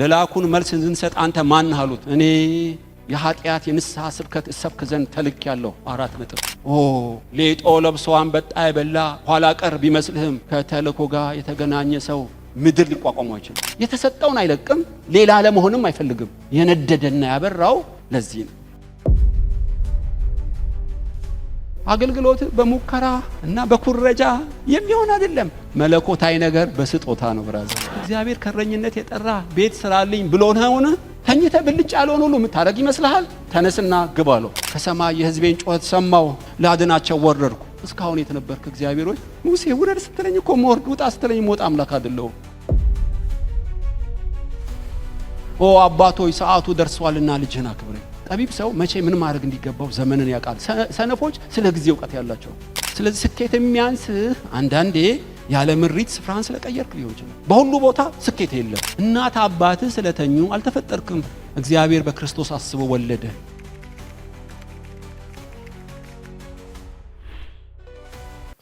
ለላኩን መልስ እንድንሰጥ አንተ ማን አሉት። እኔ የኃጢአት የንስሐ ስብከት እሰብክ ዘንድ ተልክ ያለሁ አራት ነጥብ። ኦ ሌጦ ለብሶ አንበጣ የበላ ኋላ ቀር ቢመስልህም ከተልእኮ ጋር የተገናኘ ሰው ምድር ሊቋቋሙ አይችልም። የተሰጠውን አይለቅም፣ ሌላ ለመሆንም አይፈልግም። የነደደና ያበራው ለዚህ ነው። አገልግሎት በሙከራ እና በኩረጃ የሚሆን አይደለም። መለኮታዊ ነገር በስጦታ ነው። ብራዘ እግዚአብሔር ከረኝነት የጠራ ቤት ስራልኝ ብሎ ነውን? ተኝተ ብልጭ ያልሆን ሁሉ የምታደረግ ይመስልሃል? ተነስና ግባ አለው። ከሰማይ የህዝቤን ጩኸት ሰማው፣ ላድናቸው ወረድኩ። እስካሁን የተነበርክ ነበርክ እግዚአብሔር ሆይ? ሙሴ ውረድ ስትለኝ እኮ መወርድ፣ ውጣ ስትለኝ መወጣ አምላክ አይደለሁም። ኦ አባቶይ ሰዓቱ ደርሷልና ልጅህን አክብረኝ። ጠቢብ ሰው መቼ ምን ማድረግ እንዲገባው ዘመንን ያውቃል። ሰነፎች ስለ ጊዜ እውቀት ያላቸው። ስለዚህ ስኬት የሚያንስህ አንዳንዴ ያለ ምሪት ስፍራን ስለቀየርክ ሊሆን ይችላል። በሁሉ ቦታ ስኬት የለም። እናት አባትህ ስለተኙ አልተፈጠርክም። እግዚአብሔር በክርስቶስ አስቦ ወለደ።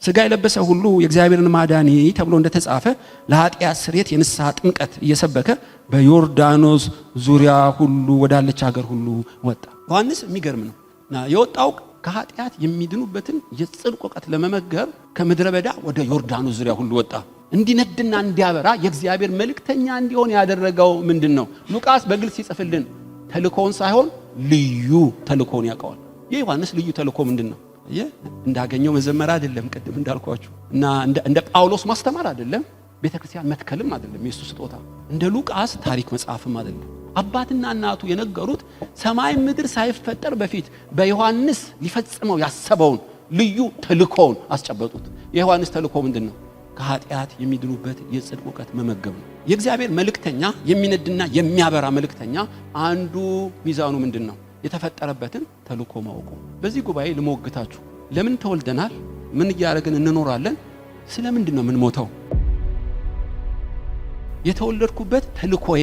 ስጋ የለበሰ ሁሉ የእግዚአብሔርን ማዳኒ ተብሎ እንደተጻፈ ለኃጢአት ስርየት የንስሐ ጥምቀት እየሰበከ በዮርዳኖስ ዙሪያ ሁሉ ወዳለች ሀገር ሁሉ ወጣ። ዮሐንስ የሚገርም ነው። የወጣው ከኃጢአት የሚድኑበትን የጽድቅ እውቀት ለመመገብ ከምድረ በዳ ወደ ዮርዳኖስ ዙሪያ ሁሉ ወጣ። እንዲነድና እንዲያበራ የእግዚአብሔር መልእክተኛ እንዲሆን ያደረገው ምንድን ነው? ሉቃስ በግልጽ ይጽፍልን፣ ተልኮውን ሳይሆን ልዩ ተልኮውን ያውቀዋል። የዮሐንስ ልዩ ተልኮ ምንድን ነው? እንዳገኘው መዘመር አይደለም፣ ቅድም እንዳልኳችሁ እና እንደ ጳውሎስ ማስተማር አይደለም፣ ቤተክርስቲያን መትከልም አይደለም፣ የእሱ ስጦታ እንደ ሉቃስ ታሪክ መጽሐፍም አይደለም። አባትና እናቱ የነገሩት ሰማይ ምድር ሳይፈጠር በፊት በዮሐንስ ሊፈጽመው ያሰበውን ልዩ ተልኮውን አስጨበጡት። የዮሐንስ ተልኮ ምንድን ነው? ከኃጢአት የሚድኑበት የጽድቅ እውቀት መመገብ ነው። የእግዚአብሔር መልእክተኛ የሚነድና የሚያበራ መልእክተኛ አንዱ ሚዛኑ ምንድን ነው? የተፈጠረበትን ተልእኮ ማወቁ። በዚህ ጉባኤ ልሞግታችሁ፣ ለምን ተወልደናል? ምን እያደረግን እንኖራለን? ስለ ምንድን ነው የምንሞተው? የተወለድኩበት ተልእኮዬ፣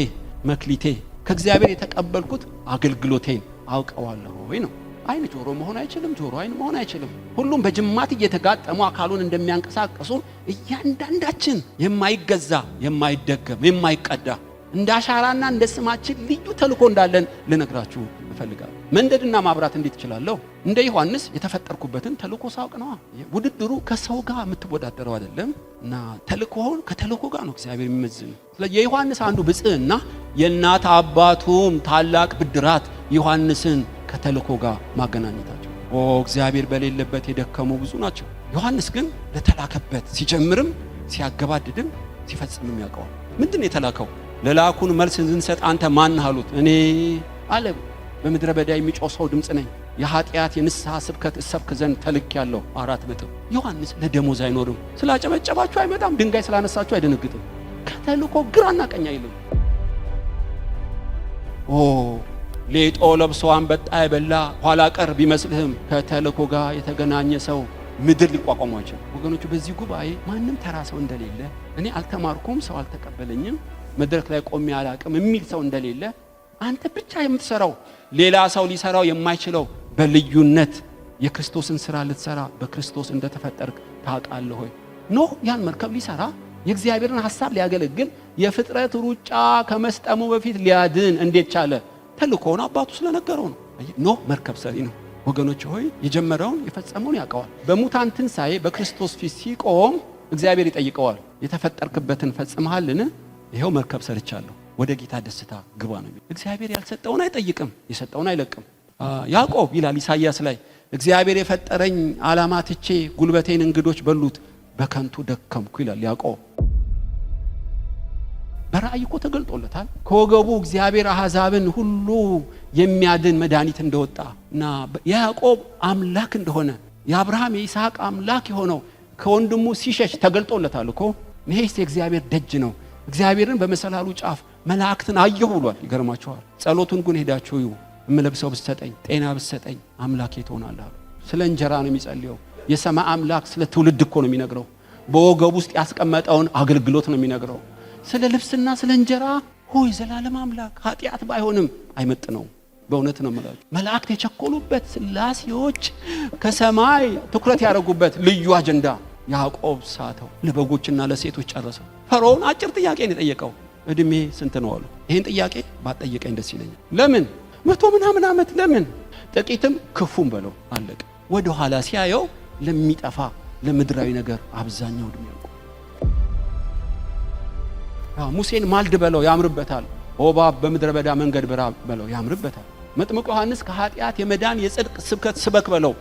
መክሊቴ፣ ከእግዚአብሔር የተቀበልኩት አገልግሎቴን አውቀዋለሁ ወይ ነው። አይን ጆሮ መሆን አይችልም፣ ጆሮ አይን መሆን አይችልም። ሁሉም በጅማት እየተጋጠሙ አካሉን እንደሚያንቀሳቅሱ እያንዳንዳችን የማይገዛ የማይደገም የማይቀዳ እንደ አሻራና እንደ ስማችን ልዩ ተልኮ እንዳለን ልነግራችሁ እፈልጋለሁ። መንደድና ማብራት እንዴት እችላለሁ? እንደ ዮሐንስ የተፈጠርኩበትን ተልኮ ሳውቅ ነዋ። ውድድሩ ከሰው ጋር የምትወዳደረው አይደለም እና ተልኮውን ከተልኮ ጋር ነው እግዚአብሔር የሚመዝን። የዮሐንስ አንዱ ብፅዕና የእናት አባቱም ታላቅ ብድራት ዮሐንስን ከተልኮ ጋር ማገናኘታቸው። ኦ እግዚአብሔር በሌለበት የደከሙ ብዙ ናቸው። ዮሐንስ ግን ለተላከበት ሲጀምርም ሲያገባድድም ሲፈጽምም ያውቀዋል። ምንድን ነው የተላከው? ለላኩን መልስ እንድንሰጥ አንተ ማን አሉት። እኔ አለ በምድረ በዳ የሚጮህ ሰው ድምፅ ነኝ። የኃጢአት የንስሐ ስብከት እሰብክ ዘንድ ተልክ ያለው አራት ነጥብ ዮሐንስ ለደሞዝ አይኖርም። ስላጨበጨባችሁ አይመጣም። ድንጋይ ስላነሳችሁ አይደነግጥም። ከተልኮ ግራና ቀኝ አይልም። ኦ ሌጦ ለብሶ አንበጣ የበላ ኋላ ቀር ቢመስልህም ከተልኮ ጋር የተገናኘ ሰው ምድር ሊቋቋሟቸው ወገኖቹ፣ በዚህ ጉባኤ ማንም ተራ ሰው እንደሌለ እኔ አልተማርኩም፣ ሰው አልተቀበለኝም። መድረክ ላይ ቆሜ አላቅም የሚል ሰው እንደሌለ አንተ ብቻ የምትሰራው ሌላ ሰው ሊሰራው የማይችለው በልዩነት የክርስቶስን ስራ ልትሰራ በክርስቶስ እንደተፈጠርክ ታውቃለህ ሆይ ኖህ ያን መርከብ ሊሰራ የእግዚአብሔርን ሐሳብ ሊያገለግል የፍጥረት ሩጫ ከመስጠሙ በፊት ሊያድን እንዴት ቻለ? ተልኮውን አባቱ ስለነገረው ነው። ኖ መርከብ ሰሪ ነው። ወገኖች ሆይ የጀመረውን የፈጸመውን ያውቀዋል። በሙታን ትንሣኤ በክርስቶስ ፊት ሲቆም እግዚአብሔር ይጠይቀዋል፣ የተፈጠርክበትን ፈጽመሃልን? ይኸው መርከብ ሰርቻለሁ፣ ወደ ጌታ ደስታ ግባ ነው። እግዚአብሔር ያልሰጠውን አይጠይቅም፣ የሰጠውን አይለቅም። ያዕቆብ ይላል ኢሳይያስ ላይ እግዚአብሔር የፈጠረኝ አላማትቼ ትቼ ጉልበቴን እንግዶች በሉት፣ በከንቱ ደከምኩ ይላል ያዕቆብ። በራእይ እኮ ተገልጦለታል ከወገቡ እግዚአብሔር አሕዛብን ሁሉ የሚያድን መድኃኒት እንደወጣ እና የያዕቆብ አምላክ እንደሆነ የአብርሃም የይስሐቅ አምላክ የሆነው ከወንድሙ ሲሸሽ ተገልጦለታል እኮ ይሄስ የእግዚአብሔር ደጅ ነው እግዚአብሔርን በመሰላሉ ጫፍ መላእክትን አየሁ ብሏል። ይገርማቸዋል። ጸሎቱን ግን ሄዳቸው ይሁ የምለብሰው ብሰጠኝ፣ ጤና ብሰጠኝ አምላኬ ትሆናለህ አሉ። ስለ እንጀራ ነው የሚጸልየው። የሰማይ አምላክ ስለ ትውልድ እኮ ነው የሚነግረው። በወገብ ውስጥ ያስቀመጠውን አገልግሎት ነው የሚነግረው። ስለ ልብስና ስለ እንጀራ ሆይ ዘላለም አምላክ ኃጢአት ባይሆንም ነው። በእውነት ነው የምላችሁ። መላእክት የቸኮሉበት ስላሴዎች ከሰማይ ትኩረት ያደረጉበት ልዩ አጀንዳ ያዕቆብ ሳተው፣ ለበጎችና ለሴቶች ጨረሰው። ፈርዖን አጭር ጥያቄ ነው የጠየቀው፣ እድሜ ስንት ነው አሉ። ይህን ጥያቄ ባጠየቀኝ ደስ ይለኛል። ለምን መቶ ምናምን ዓመት ለምን ጥቂትም ክፉም በለው አለቀ። ወደ ኋላ ሲያየው ለሚጠፋ ለምድራዊ ነገር አብዛኛው እድሜ ያውቁ። ሙሴን ማልድ በለው ያምርበታል። ኦባብ በምድረ በዳ መንገድ ብራ በለው ያምርበታል። መጥምቁ ዮሐንስ ከኃጢአት የመዳን የጽድቅ ስብከት ስበክ በለው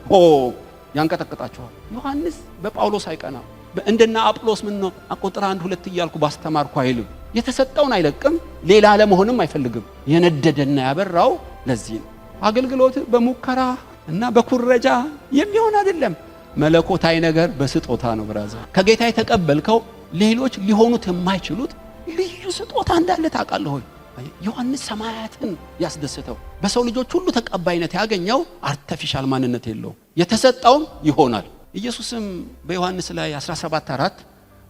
ያንቀጠቅጣቸዋል ዮሐንስ በጳውሎስ አይቀና እንደና አጵሎስ ምን ነው ቁጥር አንድ ሁለት እያልኩ ባስተማርኩ አይልም። የተሰጠውን አይለቅም። ሌላ ለመሆንም አይፈልግም። የነደደና ያበራው ለዚህ ነው። አገልግሎት በሙከራ እና በኩረጃ የሚሆን አይደለም። መለኮታዊ ነገር በስጦታ ነው። ብራዛ ከጌታ የተቀበልከው ሌሎች ሊሆኑት የማይችሉት ልዩ ስጦታ እንዳለ ታውቃለህ ሆይ ዮሐንስ ሰማያትን ያስደሰተው በሰው ልጆች ሁሉ ተቀባይነት ያገኘው አርተፊሻል ማንነት የለውም፣ የተሰጠውም ይሆናል። ኢየሱስም በዮሐንስ ላይ 17 አራት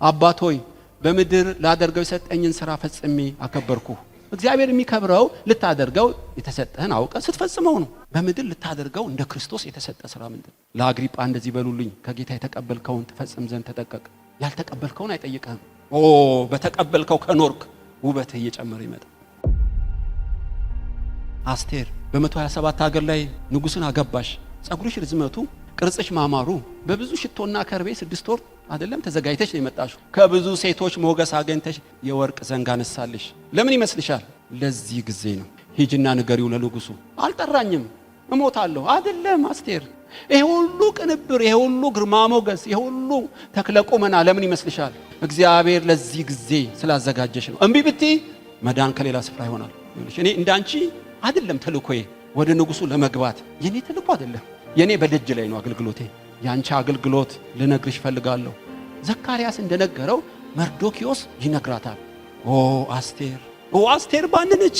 አባት ሆይ በምድር ላደርገው የሰጠኝን ስራ ፈጽሜ አከበርኩ። እግዚአብሔር የሚከብረው ልታደርገው የተሰጠህን አውቀ ስትፈጽመው ነው። በምድር ልታደርገው እንደ ክርስቶስ የተሰጠ ስራ ምንድን? ለአግሪጳ እንደዚህ በሉልኝ፣ ከጌታ የተቀበልከውን ትፈጽም ዘንድ ተጠቀቅ። ያልተቀበልከውን አይጠይቀህም። ኦ በተቀበልከው ከኖርክ ውበትህ እየጨመረ ይመጣል። አስቴር በ127 ሀገር ላይ ንጉስን አገባሽ። ጸጉርሽ ርዝመቱ፣ ቅርጽሽ ማማሩ በብዙ ሽቶና ከርቤ ስድስት ወር አይደለም ተዘጋጅተሽ ነው የመጣሽው። ከብዙ ሴቶች ሞገስ አገኝተሽ የወርቅ ዘንግ አነሳልሽ። ለምን ይመስልሻል? ለዚህ ጊዜ ነው። ሂጅና ንገሪው ለንጉሱ አልጠራኝም እሞታለሁ። አይደለም አስቴር፣ ይሄ ሁሉ ቅንብር፣ ይሄ ሁሉ ግርማ ሞገስ፣ ይሄ ሁሉ ተክለ ቁመና ለምን ይመስልሻል? እግዚአብሔር ለዚህ ጊዜ ስላዘጋጀሽ ነው። እምቢ ብቲ መዳን ከሌላ ስፍራ ይሆናል። እኔ እንዳንቺ አይደለም ተልኮዬ ወደ ንጉሱ ለመግባት የኔ ተልኮ አይደለም። የኔ በደጅ ላይ ነው አገልግሎቴ። ያንቺ አገልግሎት ልነግርሽ ፈልጋለሁ። ዘካርያስ እንደነገረው መርዶኪዮስ ይነግራታል። ኦ አስቴር፣ ኦ አስቴር ባንነች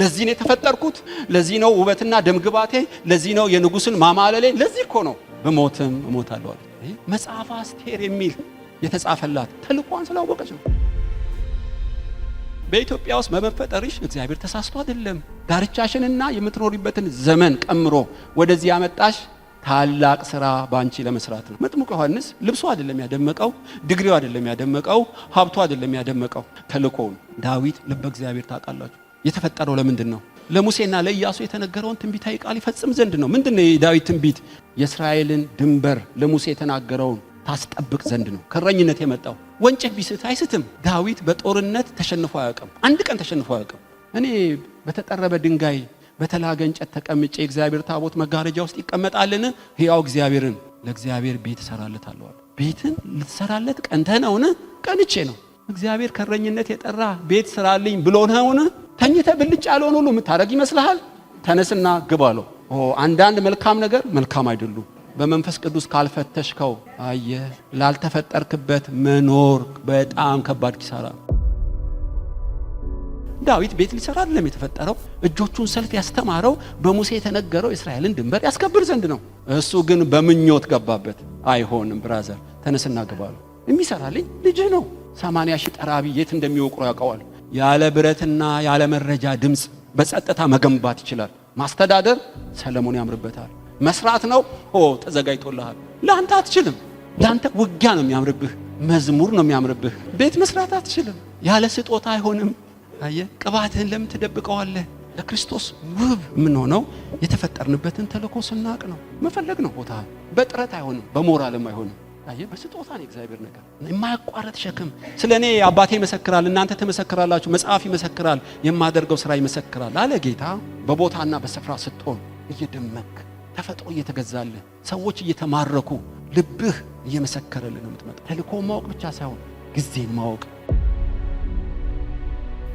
ለዚህ ነው የተፈጠርኩት፣ ለዚህ ነው ውበትና ደምግባቴ፣ ለዚህ ነው የንጉስን ማማለሌ፣ ለዚህ እኮ ነው ብሞትም እሞታለሁ። መጽሐፈ አስቴር የሚል የተጻፈላት ተልኳን ስላወቀች ነው። በኢትዮጵያ ውስጥ በመፈጠርሽ እግዚአብሔር ተሳስቶ አይደለም። ዳርቻሽንና የምትኖሪበትን ዘመን ቀምሮ ወደዚህ ያመጣሽ ታላቅ ስራ ባንቺ ለመስራት ነው። መጥምቁ ዮሐንስ ልብሱ አይደለም ያደመቀው፣ ድግሪው አይደለም ያደመቀው፣ ሀብቱ አይደለም ያደመቀው፣ ተልእኮውን ዳዊት ልበ እግዚአብሔር ታውቃላችሁ። የተፈጠረው ለምንድን ነው? ለሙሴና ለኢያሱ የተነገረውን ትንቢታዊ ቃል ይፈጽም ዘንድ ነው። ምንድን ነው የዳዊት ትንቢት? የእስራኤልን ድንበር ለሙሴ የተናገረውን ታስጠብቅ ዘንድ ነው ከረኝነት የመጣው። ወንጭፍ ቢስት አይስትም። ዳዊት በጦርነት ተሸንፎ አያውቅም። አንድ ቀን ተሸንፎ አያውቅም። እኔ በተጠረበ ድንጋይ በተላገ እንጨት ተቀምጬ የእግዚአብሔር ታቦት መጋረጃ ውስጥ ይቀመጣልን? ሕያው እግዚአብሔርን ለእግዚአብሔር ቤት አለዋል። ቤትን ልትሰራለት ቀንተ ነውን? ቀንቼ ነው። እግዚአብሔር ከረኝነት የጠራ ቤት ስራልኝ ብሎ ነውን? ተኝተ ብልጭ ያለውን ሁሉ የምታደረግ ይመስልሃል? ተነስና ግባ አለው። አንዳንድ መልካም ነገር መልካም አይደሉም በመንፈስ ቅዱስ ካልፈተሽከው አየ ላልተፈጠርክበት መኖር በጣም ከባድ ኪሳራ ዳዊት ቤት ሊሰራ አይደለም የተፈጠረው። እጆቹን ሰልፍ ያስተማረው በሙሴ የተነገረው የእስራኤልን ድንበር ያስከብር ዘንድ ነው። እሱ ግን በምኞት ገባበት። አይሆንም ብራዘር፣ ተነስና ግባሉ። የሚሰራልኝ ልጅህ ነው። ሰማንያ ሺህ ጠራቢ የት እንደሚወቅሩ ያውቀዋል። ያለ ብረትና ያለ መረጃ ድምፅ በጸጥታ መገንባት ይችላል። ማስተዳደር ሰለሞን ያምርበታል። መስራት ነው። ኦ ተዘጋጅቶልሃል። ለአንተ አትችልም። ለአንተ ውጊያ ነው የሚያምርብህ፣ መዝሙር ነው የሚያምርብህ። ቤት መስራት አትችልም። ያለ ስጦታ አይሆንም። አየህ፣ ቅባትህን ለምን ትደብቀዋለህ? ለክርስቶስ ውብ የምንሆነው የተፈጠርንበትን ተልእኮ ስናቅ ነው። መፈለግ ነው ቦታ። በጥረት አይሆንም፣ በሞራልም አይሆንም። አየህ፣ በስጦታ ነው እግዚአብሔር ነገር። የማያቋረጥ ሸክም ስለ እኔ አባቴ ይመሰክራል፣ እናንተ ትመሰክራላችሁ፣ መጽሐፍ ይመሰክራል፣ የማደርገው ስራ ይመሰክራል አለ ጌታ። በቦታና በስፍራ ስትሆን እየደመክ ተፈጥሮ እየተገዛልህ፣ ሰዎች እየተማረኩ፣ ልብህ እየመሰከረልህ ነው የምትመጣ። ተልእኮ ማወቅ ብቻ ሳይሆን ጊዜን ማወቅ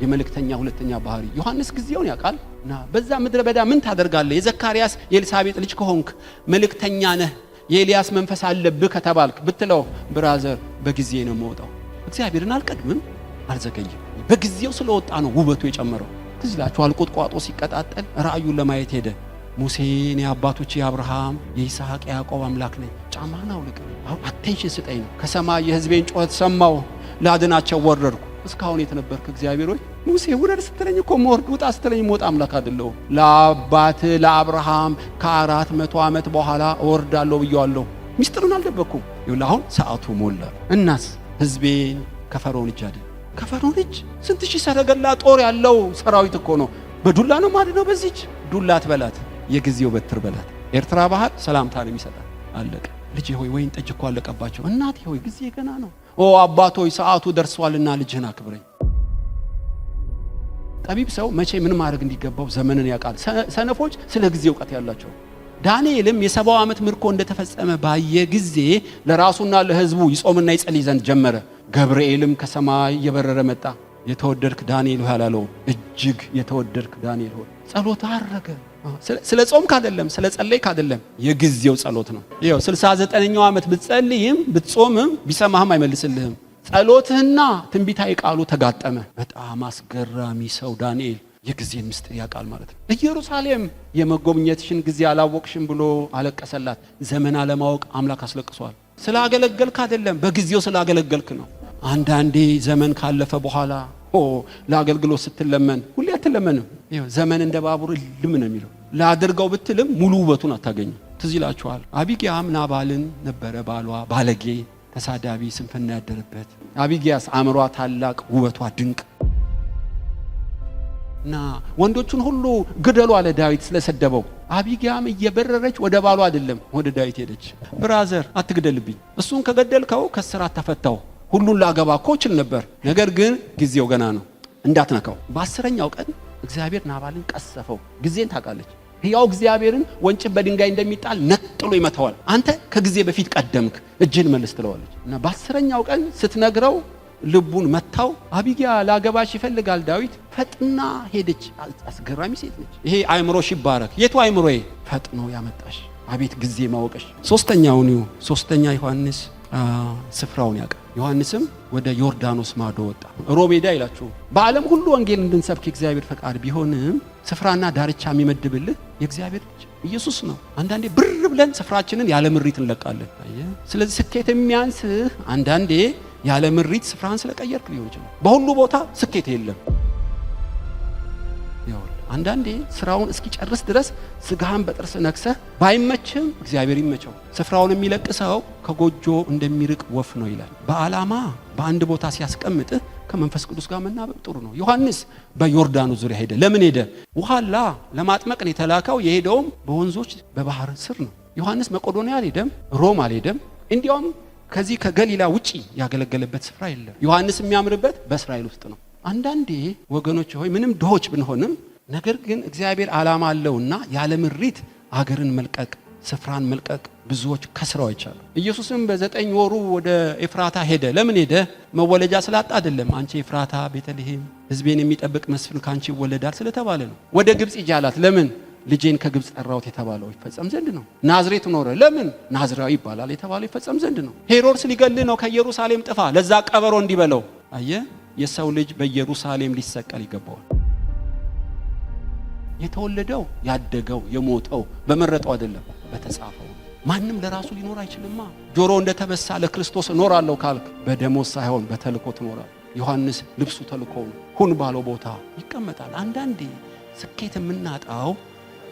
የመልእክተኛ ሁለተኛ ባህሪ። ዮሐንስ ጊዜውን ያውቃል እና በዛ ምድረ በዳ ምን ታደርጋለህ? የዘካርያስ የኤልሳቤጥ ልጅ ከሆንክ መልእክተኛ ነህ፣ የኤልያስ መንፈስ አለብህ ከተባልክ ብትለው፣ ብራዘር በጊዜ ነው የምወጣው፣ እግዚአብሔርን አልቀድምም፣ አልዘገይም። በጊዜው ስለወጣ ነው ውበቱ የጨመረው። ትዝ ይላችኋል፣ ቁጥቋጦ ሲቀጣጠል ራእዩን ለማየት ሄደ። ሙሴን የአባቶች የአብርሃም የይስሐቅ የያዕቆብ አምላክ ነኝ። ጫማህን አውልቅ። አሁን አቴንሽን ስጠኝ ነው። ከሰማይ የህዝቤን ጩኸት ሰማው፣ ላድናቸው ወረድኩ። እስካሁን የተነበርክ ሆይ? ሙሴ ውረድ ስትለኝ እኮ መወርድ፣ ውጣ ስትለኝ መውጣ አምላክ አደለሁ። ለአባት ለአብርሃም ከአራት መቶ ዓመት በኋላ እወርዳለሁ ብየዋለሁ። ሚስጥሩን አልደበኩም። ይሁን አሁን ሰዓቱ ሞላ። እናስ ህዝቤን ከፈርዖን እጅ አድን። ከፈርዖን እጅ ስንት ሺህ ሰረገላ ጦር ያለው ሰራዊት እኮ ነው። በዱላ ነው ማድነው። በዚች ዱላ ትበላት የጊዜው በትር በላት። ኤርትራ ሰላምታ ነው ይሰጣል። አለቀ። ልጅ ሆይ ወይን ጠጅ እኮ አለቀባቸው። እናቴ ሆይ ጊዜ ገና ነው። ኦ አባት ሆይ ሰዓቱ ደርሷልና ልጅህን አክብረኝ። ጠቢብ ሰው መቼ ምን ማድረግ እንዲገባው ዘመንን ያውቃል። ሰነፎች ስለ ጊዜ እውቀት ያላቸው። ዳንኤልም የሰባው ዓመት ምርኮ እንደተፈጸመ ባየ ጊዜ ለራሱና ለሕዝቡ ይጾምና ይጸልይ ዘንድ ጀመረ። ገብርኤልም ከሰማይ እየበረረ መጣ። የተወደድክ ዳንኤል ሆይ አላለውም፣ እጅግ የተወደድክ ዳንኤል ሆይ ጸሎት አረገ። ስለ ጾም ካደለም ስለ ጸለይ ካደለም የጊዜው ጸሎት ነው። ይኸው 69ኛው ዓመት ብትጸልይም ብትጾምም ቢሰማህም አይመልስልህም። ጸሎትህና ትንቢታዊ ቃሉ ተጋጠመ። በጣም አስገራሚ ሰው ዳንኤል የጊዜን ምስጢር ያውቃል ማለት ነው። ኢየሩሳሌም የመጎብኘትሽን ጊዜ አላወቅሽም ብሎ አለቀሰላት። ዘመን አለማወቅ አምላክ አስለቅሷል። ስላገለገልክ አይደለም፣ በጊዜው ስላገለገልክ ነው። አንዳንዴ ዘመን ካለፈ በኋላ ለአገልግሎት ስትለመን ሁሌ አትለመንም። ዘመን እንደ ባቡር እልም ነው የሚለው ላድርገው ብትልም ሙሉ ውበቱን አታገኝ። ትዝ ይላችኋል አቢጊያም ናባልን ነበረ ባሏ፣ ባለጌ፣ ተሳዳቢ፣ ስንፍና ያደረበት። አቢጊያስ አእምሯ ታላቅ፣ ውበቷ ድንቅ እና ወንዶቹን ሁሉ ግደሉ አለ ዳዊት ስለሰደበው። አቢጊያም እየበረረች ወደ ባሏ አይደለም ወደ ዳዊት ሄደች። ብራዘር አትግደልብኝ፣ እሱን ከገደልከው ከስራ ተፈታው ሁሉን ላገባ እኮ እችል ነበር፣ ነገር ግን ጊዜው ገና ነው፣ እንዳትነካው። በአስረኛው ቀን እግዚአብሔር ናባልን ቀሰፈው። ጊዜን ታውቃለች። ሕያው እግዚአብሔርን ወንጭፍ በድንጋይ እንደሚጣል ነጥሎ ይመታዋል። አንተ ከጊዜ በፊት ቀደምክ፣ እጅን መልስ ትለዋለች። እና በአስረኛው ቀን ስትነግረው ልቡን መታው። አቢጊያ ላገባሽ ይፈልጋል ዳዊት። ፈጥና ሄደች። አስገራሚ ሴት ነች። ይሄ አእምሮሽ ይባረክ። የቱ አእምሮዬ? ፈጥኖ ያመጣሽ አቤት ጊዜ ማወቀሽ። ሶስተኛውን ሶስተኛ ዮሐንስ ስፍራውን ያውቃል። ዮሐንስም ወደ ዮርዳኖስ ማዶ ወጣ። ሮሜ ሜዳ ይላችሁ በዓለም ሁሉ ወንጌል እንድንሰብክ የእግዚአብሔር ፈቃድ ቢሆንም ስፍራና ዳርቻ የሚመድብልህ የእግዚአብሔር ልጅ ኢየሱስ ነው። አንዳንዴ ብር ብለን ስፍራችንን ያለ ምሪት እንለቃለን። ስለዚህ ስኬት የሚያንስህ አንዳንዴ ያለ ምሪት ስፍራን ስለቀየርክ ሊሆን ይችላል። በሁሉ ቦታ ስኬት የለም። አንዳንዴ ስራውን እስኪጨርስ ድረስ ስጋህን በጥርስ ነክሰህ ባይመችም እግዚአብሔር ይመቸው። ስፍራውን የሚለቅ ሰው ከጎጆ እንደሚርቅ ወፍ ነው ይላል። በዓላማ በአንድ ቦታ ሲያስቀምጥህ ከመንፈስ ቅዱስ ጋር መናበብ ጥሩ ነው። ዮሐንስ በዮርዳኑ ዙሪያ ሄደ። ለምን ሄደ? ውሃላ ለማጥመቅ ነው የተላከው። የሄደውም በወንዞች በባህር ስር ነው። ዮሐንስ መቄዶንያ አልሄደም፣ ሮም አልሄደም። እንዲያውም ከዚህ ከገሊላ ውጪ ያገለገለበት ስፍራ የለም። ዮሐንስ የሚያምርበት በእስራኤል ውስጥ ነው። አንዳንዴ ወገኖች ሆይ ምንም ድሆች ብንሆንም ነገር ግን እግዚአብሔር ዓላማ አለውና ያለ ምሪት አገርን መልቀቅ፣ ስፍራን መልቀቅ ብዙዎች ከስረው አይቻሉ። ኢየሱስም በዘጠኝ ወሩ ወደ ኤፍራታ ሄደ። ለምን ሄደ? መወለጃ ስላጣ አይደለም። አንቺ ኤፍራታ ቤተልሔም፣ ህዝቤን የሚጠብቅ መስፍን ከአንቺ ይወለዳል ስለተባለ ነው። ወደ ግብፅ ይጃላት። ለምን? ልጄን ከግብፅ ጠራሁት የተባለው ይፈጸም ዘንድ ነው። ናዝሬት ኖረ። ለምን? ናዝራዊ ይባላል የተባለው ይፈጸም ዘንድ ነው። ሄሮድስ ሊገልህ ነው፣ ከኢየሩሳሌም ጥፋ፣ ለዛ ቀበሮ እንዲበለው። አየ የሰው ልጅ በኢየሩሳሌም ሊሰቀል ይገባዋል። የተወለደው ያደገው የሞተው በመረጠው አይደለም፣ በተጻፈው ማንም ለራሱ ሊኖር አይችልማ። ጆሮ እንደተበሳ ለክርስቶስ እኖራለሁ ካልክ በደሞዝ ሳይሆን በተልኮ ትኖራል። ዮሐንስ ልብሱ ተልኮ ሁን ባለው ቦታ ይቀመጣል። አንዳንዴ ስኬት የምናጣው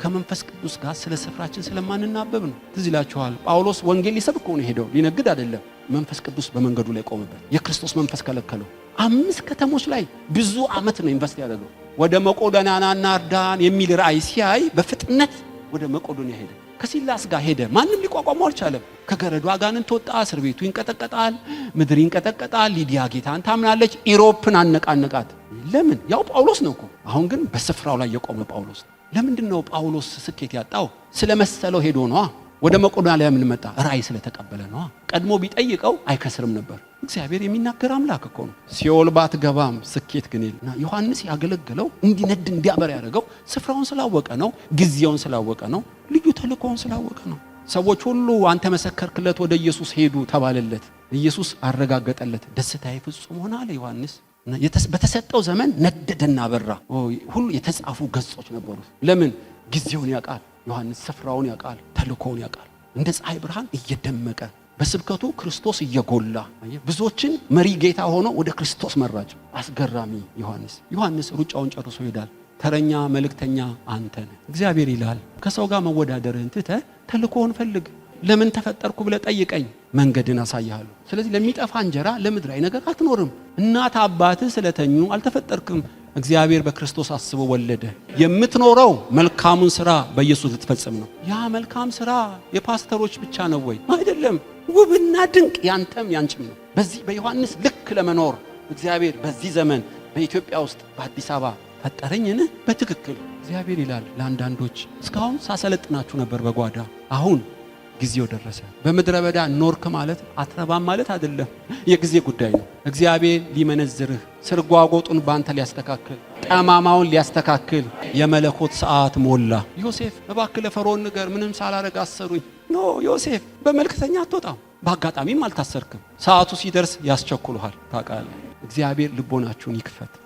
ከመንፈስ ቅዱስ ጋር ስለ ስፍራችን ስለማንናበብ ነው። ትዝ ይላችኋል፣ ጳውሎስ ወንጌል ሊሰብክ ሆነ ሄደው ሊነግድ አይደለም፣ መንፈስ ቅዱስ በመንገዱ ላይ ቆምበት የክርስቶስ መንፈስ ከለከለው። አምስት ከተሞች ላይ ብዙ አመት ነው ኢንቨስት ያደረገው። ወደ መቆዶንያና እርዳን የሚል ራእይ ሲያይ በፍጥነት ወደ መቆዶንያ ሄደ። ከሲላስ ጋር ሄደ። ማንም ሊቋቋመው አልቻለም። ከገረዱ አጋንንት ወጣ። እስር ቤቱ ይንቀጠቀጣል፣ ምድር ይንቀጠቀጣል። ሊዲያ ጌታን ታምናለች። ኢሮፕን አነቃነቃት። ለምን? ያው ጳውሎስ ነው እኮ። አሁን ግን በስፍራው ላይ የቆመ ጳውሎስ ነው። ለምንድን ነው ጳውሎስ ስኬት ያጣው? ስለመሰለው ሄዶ ነዋ። ወደ መቄዶንያ ምን መጣ? ራእይ ስለተቀበለ ነው። ቀድሞ ቢጠይቀው አይከስርም ነበር። እግዚአብሔር የሚናገር አምላክ እኮ ነው። ሲኦል ባትገባም ስኬት ግን የለና ዮሐንስ ያገለገለው እንዲነድ እንዲያበር ያደረገው ስፍራውን ስላወቀ ነው። ጊዜውን ስላወቀ ነው። ልዩ ተልእኮውን ስላወቀ ነው። ሰዎች ሁሉ አንተ መሰከርክለት፣ ወደ ኢየሱስ ሄዱ ተባለለት። ኢየሱስ አረጋገጠለት። ደስታዬ ፍጹም ሆነ አለ ዮሐንስ። በተሰጠው ዘመን ነደደና በራ። ሁሉ የተጻፉ ገጾች ነበሩት። ለምን ጊዜውን ያውቃል። ዮሐንስ ስፍራውን ያውቃል፣ ተልኮውን ያውቃል። እንደ ፀሐይ ብርሃን እየደመቀ በስብከቱ ክርስቶስ እየጎላ ብዙዎችን መሪ ጌታ ሆኖ ወደ ክርስቶስ መራጭ አስገራሚ ዮሐንስ ዮሐንስ ሩጫውን ጨርሶ ይሄዳል። ተረኛ መልእክተኛ አንተ ነህ እግዚአብሔር ይላል ከሰው ጋር መወዳደርህን ትተህ ተልኮውን ፈልግ። ለምን ተፈጠርኩ ብለህ ጠይቀኝ፣ መንገድን አሳይሃለሁ። ስለዚህ ለሚጠፋ እንጀራ ለምድራዊ ነገር አትኖርም። እናት አባትህ ስለተኙ አልተፈጠርክም። እግዚአብሔር በክርስቶስ አስቦ ወለደ። የምትኖረው መልካሙን ስራ በኢየሱስ ልትፈጽም ነው። ያ መልካም ስራ የፓስተሮች ብቻ ነው ወይ? አይደለም። ውብና ድንቅ ያንተም ያንችም ነው። በዚህ በዮሐንስ ልክ ለመኖር እግዚአብሔር በዚህ ዘመን በኢትዮጵያ ውስጥ በአዲስ አበባ ፈጠረኝን? በትክክል እግዚአብሔር ይላል። ለአንዳንዶች እስካሁን ሳሰለጥናችሁ ነበር በጓዳ አሁን ጊዜው ደረሰ። በምድረ በዳ ኖርክ ማለት አትረባም ማለት አይደለም። የጊዜ ጉዳይ ነው። እግዚአብሔር ሊመነዝርህ፣ ስርጓጎጡን በአንተ ሊያስተካክል፣ ጠማማውን ሊያስተካክል የመለኮት ሰዓት ሞላ። ዮሴፍ እባክህ ለፈርዖን ንገር፣ ምንም ሳላረግ አሰሩኝ። ኖ ዮሴፍ በመልክተኛ አትወጣም፣ በአጋጣሚም አልታሰርክም። ሰዓቱ ሲደርስ ያስቸኩልሃል። ታውቃለህ። እግዚአብሔር ልቦናችሁን ይክፈት።